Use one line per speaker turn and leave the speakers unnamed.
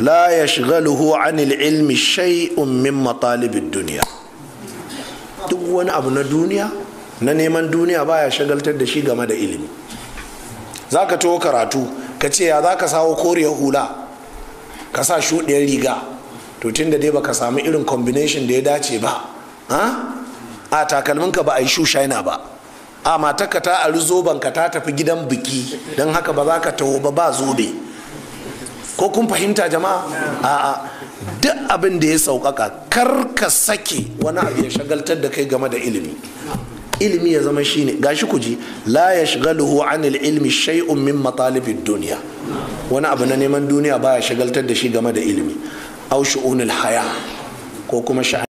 la luhu anil ilmi shay'un min matalibid duniya duk wani abu na duniya na neman duniya baya shagaltar da shi game da ilimi Za ka taho karatu ka ce ya za ka sawo koriyar hula ka sa shuɗiyar riga to da dai ba ka samu irin combination da ya dace ba a takalminka ba a yi shu shushaina ba a matarka ta ari zoben ka ta tafi gidan biki don haka ba za ka taho ba ba zobe ko kun fahimta jama'a a'a duk abin da ya sauƙaƙa kar ka sake wani abu ya shagaltar da kai game da ilimi ilimi ya zama shine gashi ku ji la luhu anil ilmi shay'un min matalibid duniya? wani abu na neman duniya baya shagaltar da shi game da ilimi au shu'unil haya ko kuma sha'ani